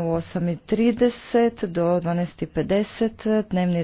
u 8.30 do 12.50 dnevni